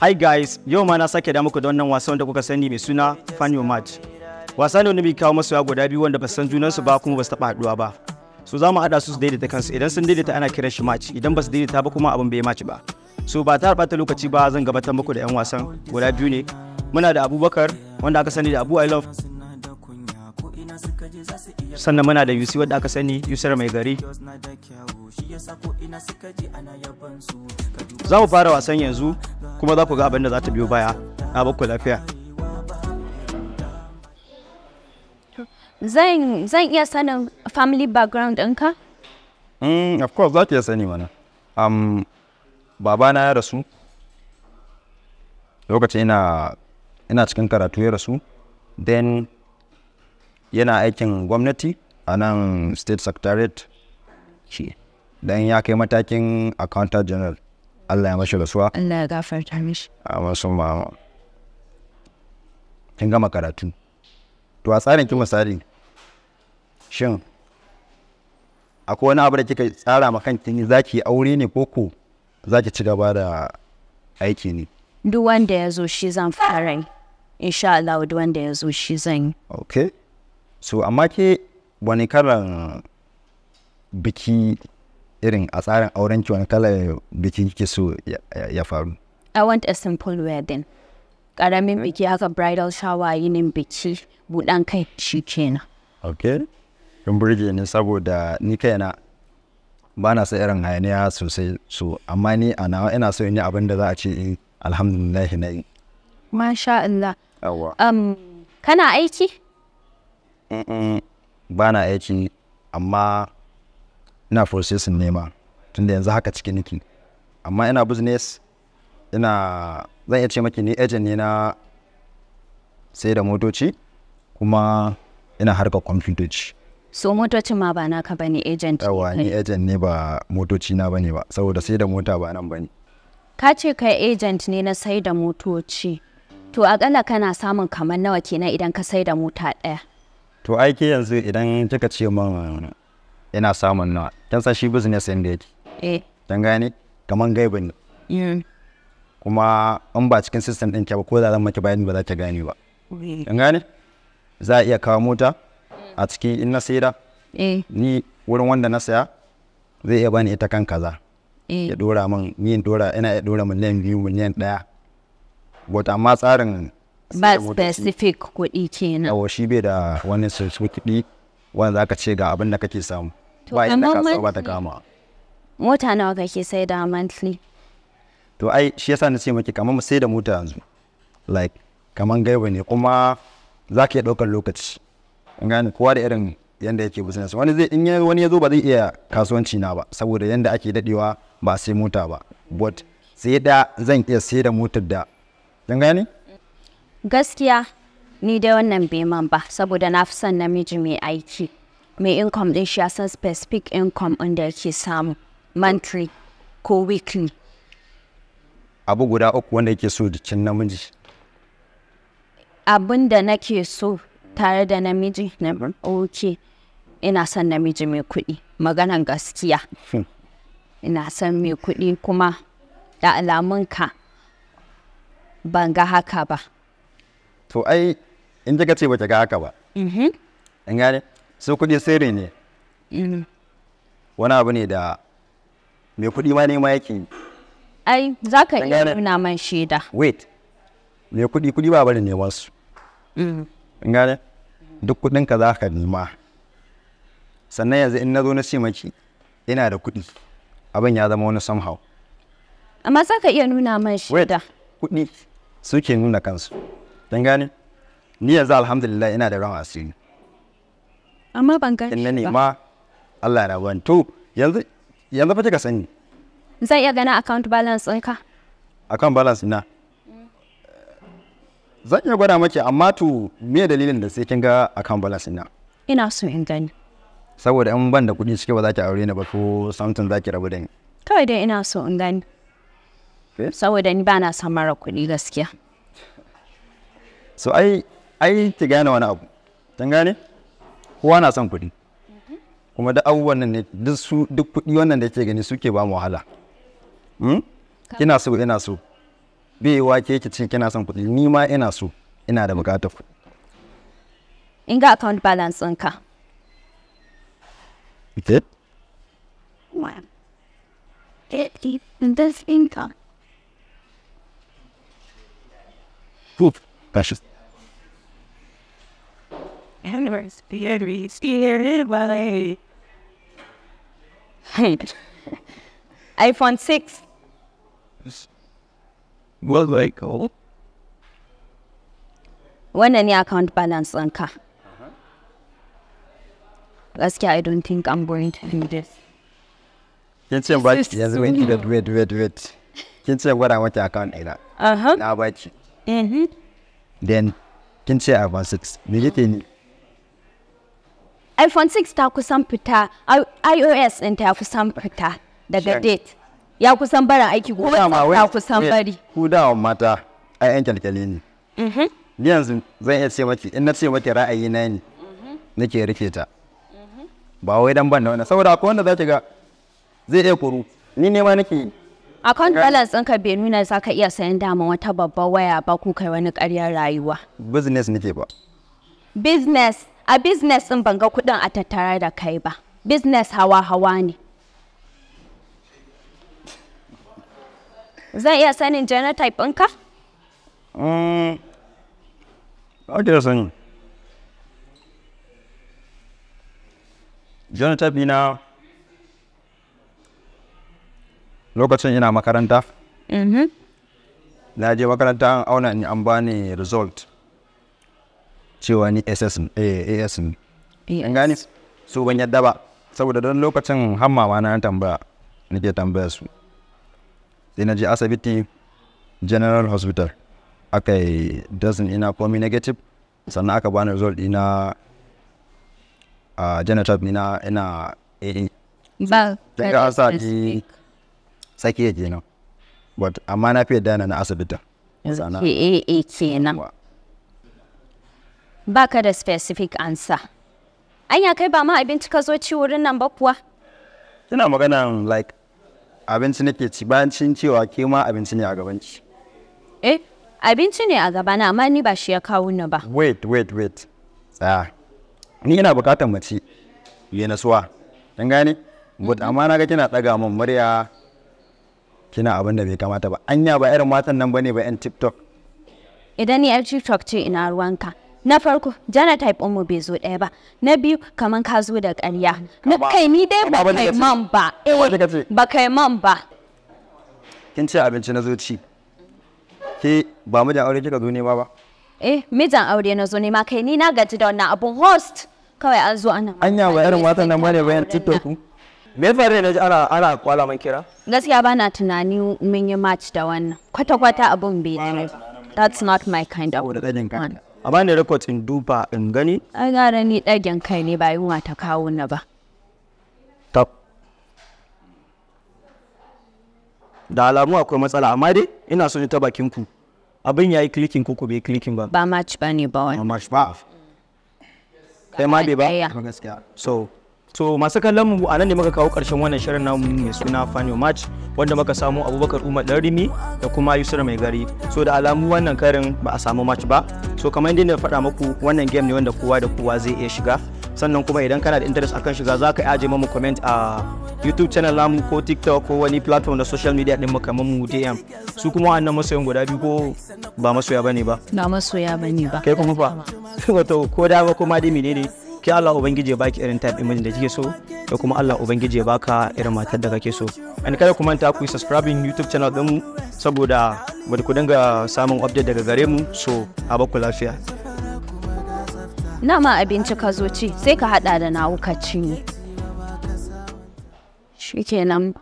Hi guys, yau ma na sake da muku da wannan wasan da kuka sani mai suna Fan Your Match. wasan ne wani kawo masoya guda biyu wanda ba san su ba kuma ba su taɓa haɗuwa ba. So za mu haɗa su su daidaita kansu idan sun daidaita ana kiran shi match idan ba su daidaita ba kuma abin bai match ba. So ba ta ɓata lokaci ba zan gabatar muku da 'yan wasan guda biyu ne. Muna da Abubakar wanda aka sani da Abu I Love sannan muna da yusi wanda aka sani Yusuf mai gari za mu fara wasan yanzu kuma za ku ga abin da za ta biyo baya na ku lafiya zan iya sanin family background ɗinka? Mm, of course za ki iya sani mana um, babana ya rasu lokacin ina ina cikin karatu ya rasu then yana aikin gwamnati a nan state secretariat don ya kai matakin accountant general Allah ya mashi rasuwa Allah ya gafarta mishi amma sun ma kin gama karatu to a tsarin kin misali shin akwai wani abu da kika tsara ma kanki yi zaki aure ne ko ko zaki ci gaba da aiki ne duk wanda ya zo shi zan fara insha Allah duk wanda ya zo shi zan okay so amma ke wani karan biki irin a tsarin auren ki wani kala biki kike so ya faru i want a simple wedding karamin biki haka bridal shower yinin biki budan kai shi kenan okay Kun burge ni saboda ni kaina ba na son irin hayaniya sosai so amma ni a nawa ina so in yi abin da za a ce in eh, alhamdulillah na yi masha Allah um, kana aiki ba na aiki amma ina processing nema tunda yanzu haka cikin niki amma ina business ina zan iya ce maki ni agent ne na sai da motoci kuma ina harkar kwamfutoci so motocin ma ba naka ba ne agent yawa ni agent ne ba motoci na bane ba saboda sai da mota ba nan bane ka ce kai agent ne na sai da motoci to akalla kana samun kamar nawa kenan idan ka sai da mota ɗaya to aiki yanzu idan kika ce min yana samun nawa dan sa shi business ɗin da yake eh dan gane kaman gaibin ne kuma in ba cikin system ɗin ke ba ko da zan maki bayani ba za ta gane ba dan gane za a iya kawo mota a cikin in na saida eh. ni wurin wanda na saya zai iya bani ita kan kaza eh. ya dora min ni in dora ina ya dora miliyan biyu miliyan daya but amma tsarin ba specific kuɗi kenan awo shi bai da wani specific kuɗi wanda ka ce ga abin da kake samu ba da kasuwa ba ta kama mota nawa kake sai da monthly to ai shi yasa na ce maki kamar mu sai da mota yanzu like kamar gaiwa ne kuma za ka iya ɗaukar lokaci in gane kowa da irin yanda yake business wani zai in wani ya zo ba zai iya kasuwanci na ba saboda yanda ake dadewa ba sai mota ba but sai da zan iya sai da motar da kin gane gaskiya Ni dai wannan bai man ba saboda na fi son namiji mai aiki. Mai income din shi san specific income inda yake samu monthly ko weekly. Abu guda uku wanda yake so jikin namiji. Abin da nake so tare da namiji na ina son namiji mai kuɗi maganan gaskiya. Hmm. ina son mai kuɗi kuma da alamunka ban ga haka ba. To ai in kika ce bata ga haka ba in mm-hmm. gane su kuɗi sirri ne mm-hmm. wani abu ne da mai kuɗi ma ne ma yake ai za ka iya nuna man shaida wait mai kuɗi kuɗi ba bari neman su in mm-hmm. gane duk kuɗin ka za ka nema sannan yanzu in na zo na ce maki ina da kuɗi abin ya zama wani somehow amma za ka iya nuna man shaida kuɗi suke nuna kansu don gane ni yanzu alhamdulillah ina da ran asiri amma ban gani ba ne ma Allah ya rawan to yanzu yanzu fa kika sani zan iya gana account balance ɗinka account balance ina zan iya gwada maki amma to me dalilin da sai kin ga account balance ina ina so in gani saboda in ban da kuɗi cike ba za ki aure ni ba ko something za ki rabu da ni kawai dai ina so in gani saboda ni ba na son mara kuɗi gaskiya so ai ai ki gane wani abu kin gane kowa na son kuɗi kuma da abubuwan nan ne duk su duk kuɗi wannan da yake gani suke ba mu wahala hmm? kina so ina so wa ke ki ce kina son kuɗi ni ma ina so ina da bukatar kuɗi in ga account balance ɗinka ita ma'am eh, anniversary spirit iPhone 6. Well, they oh. call. When any account balance car. ɗinka. Gaskiya, I don't think I'm going to do this. Kin you ba ki yanzu wait wait wait wait wait. what I want wata account Uh huh. Now ba ki. Mhm. Then kin ce iPhone 6. Me kike uh-huh. iphone 6 ta kusan fita ios din ta kusan fita daga date ya kusan bara aiki gobe ta kusan bari ku dawa mata ai yan kyalkyali ne mm-hmm. ni yanzu zan iya ce maki in na ce maki ra'ayi na ne mm-hmm. nake rike ta mm-hmm. ba wai dan ban da wannan saboda akwai wanda zaki ga zai iya kuru ni ne ma nake account balance ɗinka bai nuna za ka iya sayan dama wata babbar waya ba ku kai wani ƙaryar rayuwa business nake ba business a business ɗin ban ga kuɗin a tattara da kai ba business hawa-hawa ne zan iya sanin genotype ɗinka? Mm, ake da sani genotype na lokacin ina makaranta mm-hmm. na je makaranta auna in an bani result cewa ni ss as ne in eh, gani su ban yadda ba saboda don lokacin hammawa na an tambaya nake tambaya su sai na je asibiti general hospital aka yi dozen ina komi negative sannan aka bani result ina a genotype ina ina a Ba, asa sa sake yake kenan. But amma na fiye dana na asibitin. AA kenan. baka da specific answer anya kai ba ma abinci ka zo ci wurin nan ba kuwa ina magana like abinci nake ci bayan cin cewa ke ma abinci ne a gabanci. eh abinci ne a gabana amma ni ba shi ya kawo ni ba wait wait wait tsaya ni ina bukatar mace yi nasuwa dan gane but amma na ga kina daga min murya kina abin da bai kamata ba anya ba irin matan nan bane ba yan tiktok idan ni yar tiktok ce ina ruwanka na farko genotype mu bai zo ɗaya ba na biyu kaman ka zo da ƙarya na kai ni dai ba kai man ba eh, ba kai man ba kin ci abinci na zuci ke ba mu da aure kika zo ne ba ba eh mijan aure na zo ne ma kai ni na gaji da wannan abun host kawai an zo ana anya ba irin watan nan bane bayan tiktok me fa ne naji ana ana kwala man kira gaskiya bana tunani mun yi match da wannan kwata kwata abun bai that's not my kind of a bani record in duba in gani ai gara ni ɗagen kai ne ba yunwa ta kawo na ba tab da alamu akwai matsala amma dai ina son ni ta bakin ku abin yi clicking ko bai clicking ba ba match ba ne ba wani ba match ba kai ma bai ba gaskiya so so masu kallon mu a nan ne muka kawo karshen wannan shirin namu mai suna Fanyo Match wanda muka samu Abubakar Umar Rimi da kuma Yusuf Mai Gari so da alamu wannan karin ba a samu match ba so kamar yadda na faɗa muku wannan game ne wanda kowa da kowa zai iya shiga sannan kuma idan kana da interest akan shiga za ka aje mamu comment a YouTube channel namu ko TikTok ko wani platform na social media din mu kamar mu DM su kuma wannan masoyan guda biyu ko ba masoya bane ba ba masoya bane ba kai kuma fa wato ko da ba kuma dai menene ke Allah ubangiji ya baki irin type image da kike so da kuma Allah ubangiji ya baka irin matar da kake so and kada ku manta ku yi subscribing YouTube channel din saboda bari ku dinga samun update daga gare mu so a baku lafiya nama abinci ka zo ci sai ka hada da nawu ka cinye shikenan